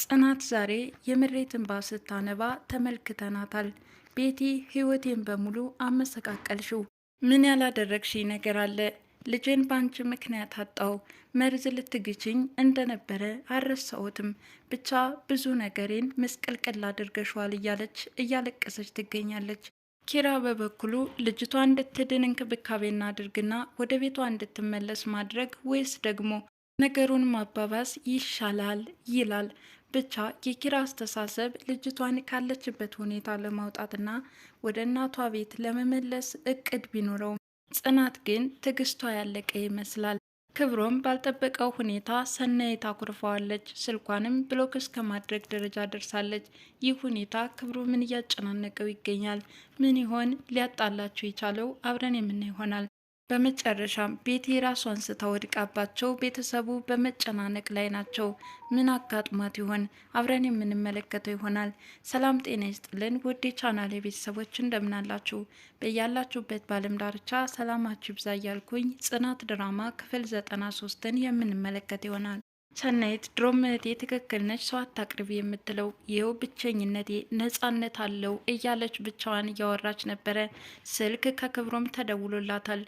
ጽናት ዛሬ የምሬት እንባ ስታነባ ተመልክተናታል። ቤቲ ህይወቴን በሙሉ አመሰቃቀልሽው፣ ምን ያላደረግሽ ነገር አለ? ልጄን በአንቺ ምክንያት አጣው። መርዝ ልትግችኝ እንደነበረ አልረሳሁትም። ብቻ ብዙ ነገሬን ምስቅልቅል አድርገሸዋል እያለች እያለቀሰች ትገኛለች። ኪራ በበኩሉ ልጅቷ እንድትድን እንክብካቤና አድርግና ወደ ቤቷ እንድትመለስ ማድረግ ወይስ ደግሞ ነገሩን ማባባስ ይሻላል ይላል። ብቻ የኪራ አስተሳሰብ ልጅቷን ካለችበት ሁኔታ ለማውጣትና ወደ እናቷ ቤት ለመመለስ እቅድ ቢኖረውም ጽናት ግን ትዕግስቷ ያለቀ ይመስላል። ክብሮም ባልጠበቀው ሁኔታ ሰናይት አኩርፈዋለች። ስልኳንም ብሎክ እስከ ማድረግ ደረጃ ደርሳለች። ይህ ሁኔታ ክብሮ ምን እያጨናነቀው ይገኛል። ምን ይሆን ሊያጣላቸው የቻለው? አብረን የምናይ ይሆናል። በመጨረሻም ቤቴ ራሷን ስታወድቃባቸው ቤተሰቡ በመጨናነቅ ላይ ናቸው። ምን አጋጥሟት ይሆን? አብረን የምንመለከተው ይሆናል። ሰላም ጤና ይስጥልን ውድ የቻናሌ ቤተሰቦች እንደምናላችሁ በያላችሁበት በዓለም ዳርቻ ሰላማችሁ ይብዛ እያልኩኝ ጽናት ድራማ ክፍል ዘጠና ሶስትን የምንመለከት ይሆናል። ሰናይት ድሮም እህቴ ትክክል ነች፣ ሰው አታቅርቢ የምትለው ይኸው ብቸኝነቴ ነጻነት አለው እያለች ብቻዋን እያወራች ነበረ። ስልክ ከክብሮም ተደውሎላታል።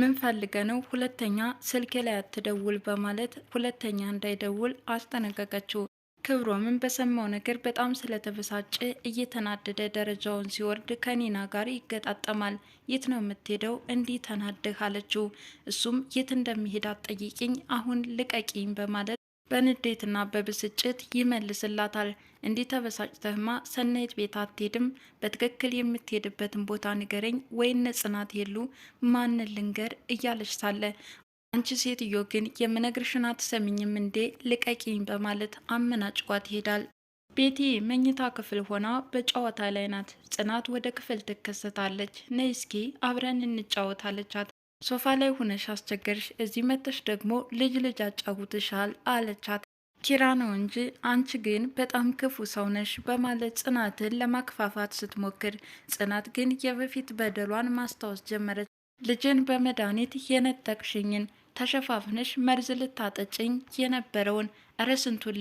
ምን ፈልገ ነው? ሁለተኛ ስልኬ ላይ አትደውል በማለት ሁለተኛ እንዳይደውል አስጠነቀቀችው። ክብሮምን በሰማው ነገር በጣም ስለተበሳጨ እየተናደደ ደረጃውን ሲወርድ ከኒና ጋር ይገጣጠማል። የት ነው የምትሄደው እንዲህ ተናድህ? አለችው። እሱም የት እንደሚሄድ አትጠይቂኝ፣ አሁን ልቀቂኝ በማለት በንዴትና በብስጭት ይመልስላታል። እንዲህ ተበሳጭተህማ ሰናይት ቤት አትሄድም፣ በትክክል የምትሄድበትን ቦታ ንገረኝ፣ ወይነ ጽናት የሉ ማንን ልንገር እያለች ሳለ አንቺ ሴትዮ ግን የምነግርሽን አትሰሚኝም እንዴ ልቀቂኝ በማለት አመናጭቋት ይሄዳል። ቤቲ መኝታ ክፍል ሆና በጨዋታ ላይ ናት። ጽናት ወደ ክፍል ትከሰታለች። ነይ እስኪ አብረን እንጫወታለቻት ሶፋ ላይ ሁነሽ አስቸገርሽ፣ እዚህ መጥተሽ ደግሞ ልጅ ልጅ አጫውትሻል አለቻት። ኪራ ነው እንጂ አንቺ ግን በጣም ክፉ ሰው ነሽ በማለት ጽናትን ለማክፋፋት ስትሞክር፣ ጽናት ግን የበፊት በደሏን ማስታወስ ጀመረች። ልጅን በመድኃኒት የነጠቅሽኝን ተሸፋፍነሽ መርዝ ልታጠጭኝ የነበረውን እረ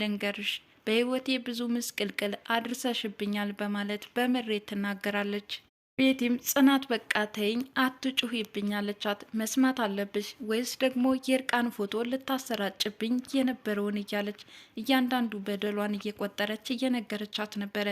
ልንገርሽ በህይወቴ ብዙ ምስቅልቅል አድርሰሽብኛል በማለት በምሬት ትናገራለች። ቤቲም ጽናት በቃ ተይኝ አትጩህ አለቻት። መስማት አለብሽ ወይስ ደግሞ የእርቃን ፎቶ ልታሰራጭብኝ የነበረውን እያለች እያንዳንዱ በደሏን እየቆጠረች እየነገረቻት ነበረ።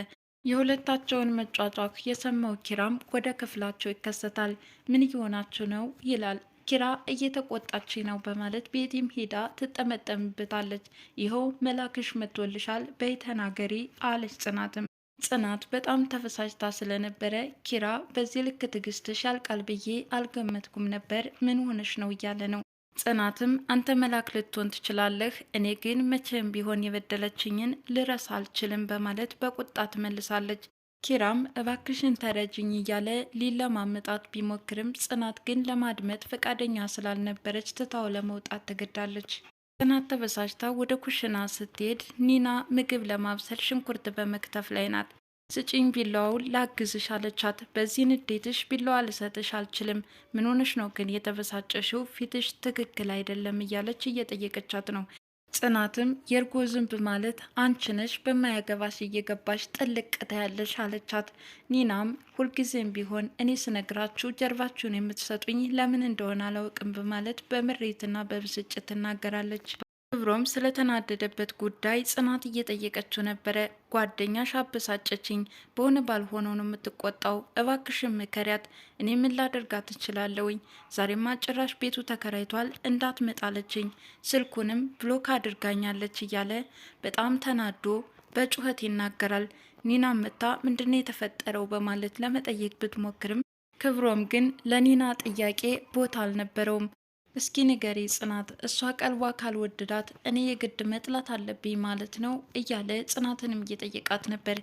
የሁለታቸውን መጫጫክ የሰማው ኪራም ወደ ክፍላቸው ይከሰታል። ምን እየሆናችሁ ነው ይላል። ኪራ እየተቆጣች ነው በማለት ቤቲም ሄዳ ትጠመጠምበታለች። ይኸው መላክሽ መጥቶልሻል በይ ተናገሪ አለች ጽናትም ጽናት በጣም ተፈሳጭታ ስለነበረ ኪራ በዚህ ልክ ትግስትሽ ያልቃል ብዬ አልገመትኩም ነበር፣ ምን ሆነሽ ነው እያለ ነው። ጽናትም አንተ መላክ ልትሆን ትችላለህ፣ እኔ ግን መቼም ቢሆን የበደለችኝን ልረሳ አልችልም በማለት በቁጣ ትመልሳለች። ኪራም እባክሽን ተረጅኝ እያለ ሊለማመጣት ቢሞክርም ጽናት ግን ለማድመጥ ፈቃደኛ ስላልነበረች ትታው ለመውጣት ትገዳለች። ጽናት ተበሳጭታ ወደ ኩሽና ስትሄድ ኒና ምግብ ለማብሰል ሽንኩርት በመክተፍ ላይ ናት። ስጪኝ ቢላዋውን ላግዝሽ አለቻት። በዚህ ንዴትሽ ቢላዋ ልሰጥሽ አልችልም። ምን ሆነሽ ነው ግን የተበሳጨሽው? ፊትሽ ትክክል አይደለም እያለች እየጠየቀቻት ነው። ጽናትም የእርጎ ዝንብ ማለት አንቺ ነሽ በማያገባሽ እየገባሽ ጥልቅቅታ ያለሽ አለቻት። ኒናም ሁልጊዜም ቢሆን እኔ ስነግራችሁ ጀርባችሁን የምትሰጡኝ ለምን እንደሆነ አላውቅም በማለት በምሬትና በብስጭት ትናገራለች። ክብሮም ስለተናደደበት ጉዳይ ጽናት እየጠየቀችው ነበረ። ጓደኛሽ አበሳጨችኝ፣ በሆነ ባልሆነው ነው የምትቆጣው። እባክሽን ምከሪያት፣ እኔ ምን ላደርጋት እችላለሁኝ? ዛሬማ ጭራሽ ቤቱ ተከራይቷል እንዳትመጣለችኝ፣ ስልኩንም ብሎክ አድርጋኛለች እያለ በጣም ተናዶ በጩኸት ይናገራል። ኒና መታ ምንድነው የተፈጠረው በማለት ለመጠየቅ ብትሞክርም ክብሮም ግን ለኒና ጥያቄ ቦታ አልነበረውም። እስኪ ንገሪ ጽናት፣ እሷ ቀልቧ ካልወደዳት እኔ የግድ መጥላት አለብኝ ማለት ነው እያለ ጽናትንም እየጠየቃት ነበር።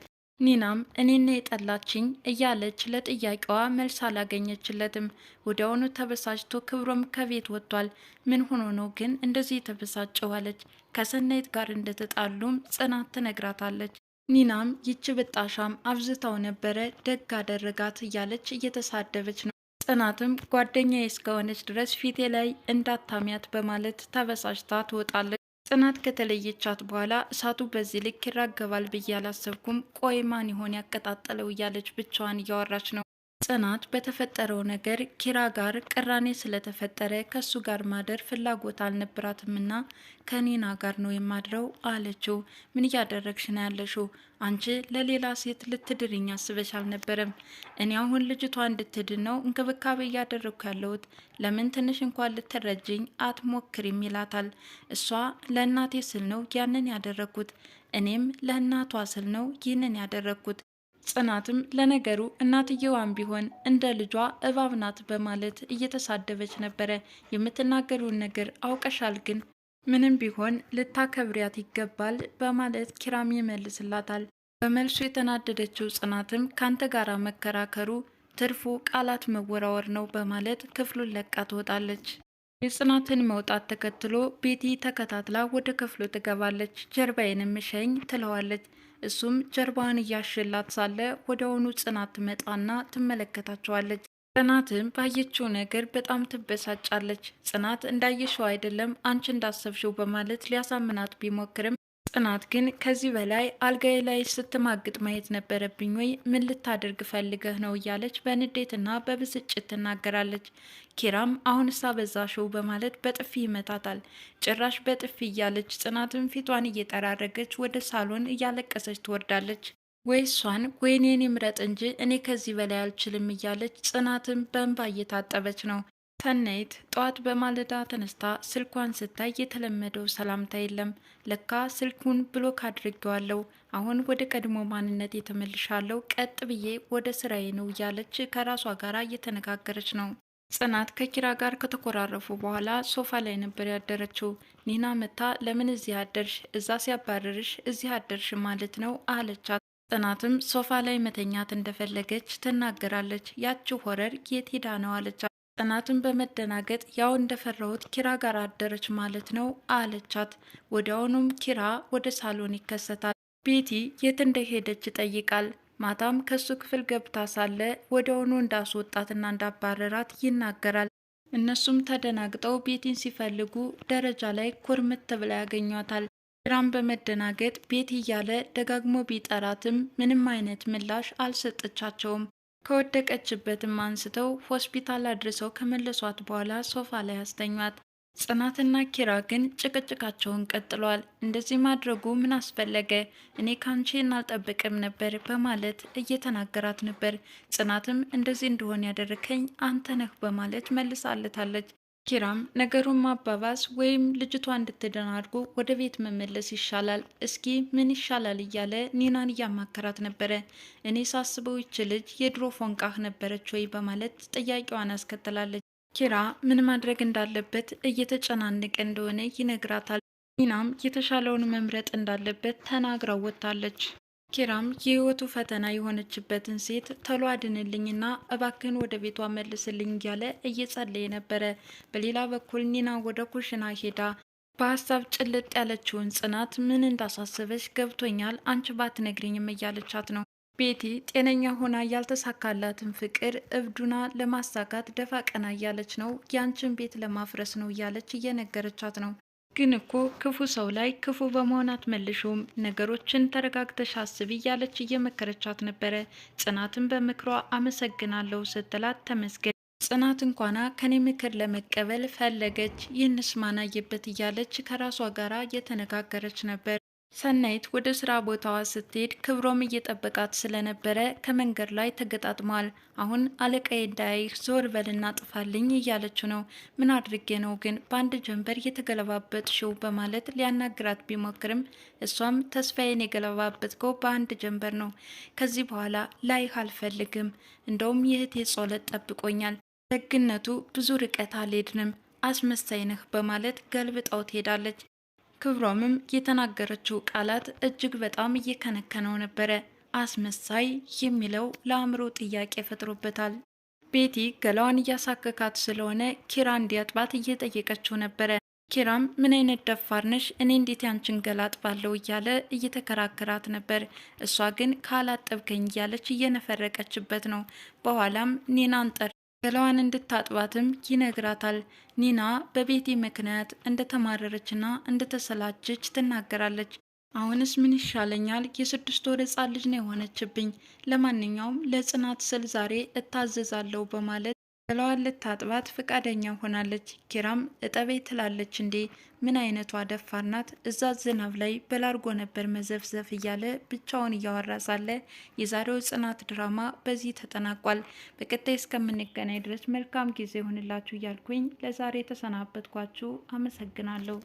ኒናም እኔን የጠላችኝ እያለች ለጥያቄዋ መልስ አላገኘችለትም። ወዲያውኑ ተበሳጭቶ ክብሮም ከቤት ወጥቷል። ምን ሆኖ ነው ግን እንደዚህ የተበሳጨው አለች። ከሰናይት ጋር እንደተጣሉም ጽናት ትነግራታለች። ኒናም ይቺ ብጣሻም አብዝታው ነበረ ደግ አደረጋት እያለች እየተሳደበች ነው። ጽናትም ጓደኛዬ እስከሆነች ድረስ ፊቴ ላይ እንዳታሚያት በማለት ተበሳጭታ ትወጣለች። ጽናት ከተለየቻት በኋላ እሳቱ በዚህ ልክ ይራገባል ብዬ አላሰብኩም። ቆይ ማን ይሆን ያቀጣጠለው እያለች ብቻዋን እያወራች ነው። ጽናት በተፈጠረው ነገር ኪራ ጋር ቅራኔ ስለተፈጠረ ከሱ ጋር ማደር ፍላጎት አልነበራትምና ከኔና ጋር ነው የማድረው አለችው። ምን እያደረግሽ ነው ያለሽው? አንቺ ለሌላ ሴት ልትድርኝ አስበሽ አልነበረም። እኔ አሁን ልጅቷ እንድትድን ነው እንክብካቤ እያደረግኩ ያለሁት። ለምን ትንሽ እንኳን ልትረጅኝ አትሞክሪም? ይላታል። እሷ ለእናቴ ስል ነው ያንን ያደረግኩት፣ እኔም ለእናቷ ስል ነው ይህንን ያደረግኩት ጽናትም ለነገሩ እናትየዋን ቢሆን እንደ ልጇ እባብ ናት በማለት እየተሳደበች ነበረ። የምትናገሩን ነገር አውቀሻል፣ ግን ምንም ቢሆን ልታከብሪያት ይገባል በማለት ኪራም ይመልስላታል። በመልሱ የተናደደችው ጽናትም ካንተ ጋር መከራከሩ ትርፉ ቃላት መወራወር ነው በማለት ክፍሉን ለቃ ትወጣለች። የጽናትን መውጣት ተከትሎ ቤቲ ተከታትላ ወደ ክፍሉ ትገባለች። ጀርባዬንም ሸኝ ትለዋለች። እሱም ጀርባዋን እያሸላት ሳለ ወደውኑ ጽናት ትመጣና ትመለከታቸዋለች። ጽናትም ባየችው ነገር በጣም ትበሳጫለች። ጽናት እንዳየሸው አይደለም አንቺ እንዳሰብሽው በማለት ሊያሳምናት ቢሞክርም ጽናት ግን ከዚህ በላይ አልጋዬ ላይ ስትማግጥ ማየት ነበረብኝ ወይ? ምን ልታደርግ ፈልገህ ነው? እያለች በንዴትና በብስጭት ትናገራለች። ኪራም አሁን እሳ ሸው በማለት በጥፊ ይመታታል። ጭራሽ በጥፊ እያለች ጽናትን ፊቷን እየጠራረገች ወደ ሳሎን እያለቀሰች ትወርዳለች። ወይ እሷን ወይኔን ይምረጥ እንጂ እኔ ከዚህ በላይ አልችልም እያለች ጽናትን በእንባ እየታጠበች ነው። ሰናይት ጠዋት በማለዳ ተነስታ ስልኳን ስታይ የተለመደው ሰላምታ የለም። ለካ ስልኩን ብሎክ አድርጌዋለሁ፣ አሁን ወደ ቀድሞ ማንነት የተመልሻለሁ፣ ቀጥ ብዬ ወደ ስራዬ ነው እያለች ከራሷ ጋር እየተነጋገረች ነው። ጽናት ከኪራ ጋር ከተኮራረፉ በኋላ ሶፋ ላይ ነበር ያደረችው። ኒና መታ ለምን እዚህ አደርሽ? እዛ ሲያባረርሽ እዚህ አደርሽ ማለት ነው አለቻት። ጽናትም ሶፋ ላይ መተኛት እንደፈለገች ትናገራለች። ያቺ ሆረር የት ሄዳ ነው አለቻት። ጽናትን በመደናገጥ ያው እንደፈራሁት ኪራ ጋር አደረች ማለት ነው አለቻት። ወዲያውኑም ኪራ ወደ ሳሎን ይከሰታል። ቤቲ የት እንደሄደች ይጠይቃል። ማታም ከሱ ክፍል ገብታ ሳለ ወዲያውኑ እንዳስወጣትና እንዳባረራት ይናገራል። እነሱም ተደናግጠው ቤቲን ሲፈልጉ ደረጃ ላይ ኩርምት ብላ ያገኟታል። ኪራም በመደናገጥ ቤቲ እያለ ደጋግሞ ቢጠራትም ምንም አይነት ምላሽ አልሰጠቻቸውም። ከወደቀችበትም አንስተው ሆስፒታል አድርሰው ከመለሷት በኋላ ሶፋ ላይ አስተኟት። ጽናትና ኪራ ግን ጭቅጭቃቸውን ቀጥሏል። እንደዚህ ማድረጉ ምን አስፈለገ? እኔ ካንቺ እናልጠብቅም ነበር በማለት እየተናገራት ነበር። ጽናትም እንደዚህ እንደሆን ያደረከኝ አንተ ነህ በማለት መልሳለታለች። ኪራም ነገሩን ማባባስ ወይም ልጅቷ እንድትድን አድርጎ ወደ ቤት መመለስ ይሻላል፣ እስኪ ምን ይሻላል እያለ ኒናን እያማከራት ነበረ። እኔ ሳስበው ይች ልጅ የድሮ ፎንቃህ ነበረች ወይ በማለት ጥያቄዋን አስከትላለች። ኪራ ምን ማድረግ እንዳለበት እየተጨናነቀ እንደሆነ ይነግራታል። ኒናም የተሻለውን መምረጥ እንዳለበት ተናግራ ወጥታለች። ኪራም የህይወቱ ፈተና የሆነችበትን ሴት ተሎ አድንልኝና እባክህን ወደ ቤቷ መልስልኝ እያለ እየጸለየ ነበረ። በሌላ በኩል ኒና ወደ ኩሽና ሄዳ በሀሳብ ጭልጥ ያለችውን ጽናት ምን እንዳሳሰበች ገብቶኛል፣ አንቺ ባትነግሪኝም እያለቻት ነው። ቤቲ ጤነኛ ሆና ያልተሳካላትን ፍቅር እብዱና ለማሳካት ደፋ ቀና እያለች ነው። ያንቺን ቤት ለማፍረስ ነው እያለች እየነገረቻት ነው። ግን እኮ ክፉ ሰው ላይ ክፉ በመሆን አትመልሹም፣ ነገሮችን ተረጋግተሽ አስቢ እያለች እየመከረቻት ነበረ። ጽናትን በምክሯ አመሰግናለሁ ስትላት ተመስገን ጽናት እንኳና ከኔ ምክር ለመቀበል ፈለገች፣ ይህንስ ማናየበት እያለች ከራሷ ጋራ እየተነጋገረች ነበር። ሰናይት ወደ ስራ ቦታዋ ስትሄድ ክብሮም እየጠበቃት ስለነበረ ከመንገድ ላይ ተገጣጥሟል። አሁን አለቃዬ እንዳያይህ ዞር በልና ጥፋልኝ እያለችው ነው። ምን አድርጌ ነው ግን በአንድ ጀንበር የተገለባበት ሾው በማለት ሊያናግራት ቢሞክርም እሷም ተስፋዬን የገለባበጥከው በአንድ ጀንበር ነው፣ ከዚህ በኋላ ላይህ አልፈልግም። እንደውም የእህቴ ጸሎት ጠብቆኛል። ደግነቱ ብዙ ርቀት አልሄድንም፣ አስመሳይ ነህ በማለት ገልብጣው ትሄዳለች። ክብሮምም የተናገረችው ቃላት እጅግ በጣም እየከነከነው ነበረ። አስመሳይ የሚለው ለአእምሮ ጥያቄ ፈጥሮበታል። ቤቲ ገላዋን እያሳከካት ስለሆነ ኪራ እንዲያጥባት እየጠየቀችው ነበረ። ኪራም ምን አይነት ደፋር ነሽ፣ እኔ እንዴት ያንችን ገላ አጥባለሁ እያለ እየተከራከራት ነበር። እሷ ግን ካላጠብከኝ እያለች እየነፈረቀችበት ነው። በኋላም ኒናን ጠር ገላዋን እንድታጥባትም ይነግራታል። ኒና በቤቲ ምክንያት እንደተማረረችና እንደተሰላቸች ትናገራለች። አሁንስ ምን ይሻለኛል? የስድስት ወር ሕፃን ልጅ ነው የሆነችብኝ። ለማንኛውም ለጽናት ስል ዛሬ እታዘዛለሁ በማለት ብለዋል። ልታጥባት ፈቃደኛ ሆናለች። ኪራም እጠቤ ትላለች እንዴ! ምን አይነቷ ደፋር ናት! እዛ ዝናብ ላይ በላርጎ ነበር መዘፍዘፍ እያለ ብቻውን እያወራ ሳለ የዛሬው ጽናት ድራማ በዚህ ተጠናቋል። በቀጣይ እስከምንገናኝ ድረስ መልካም ጊዜ ይሁንላችሁ እያልኩኝ ለዛሬ ተሰናበትኳችሁ። አመሰግናለሁ።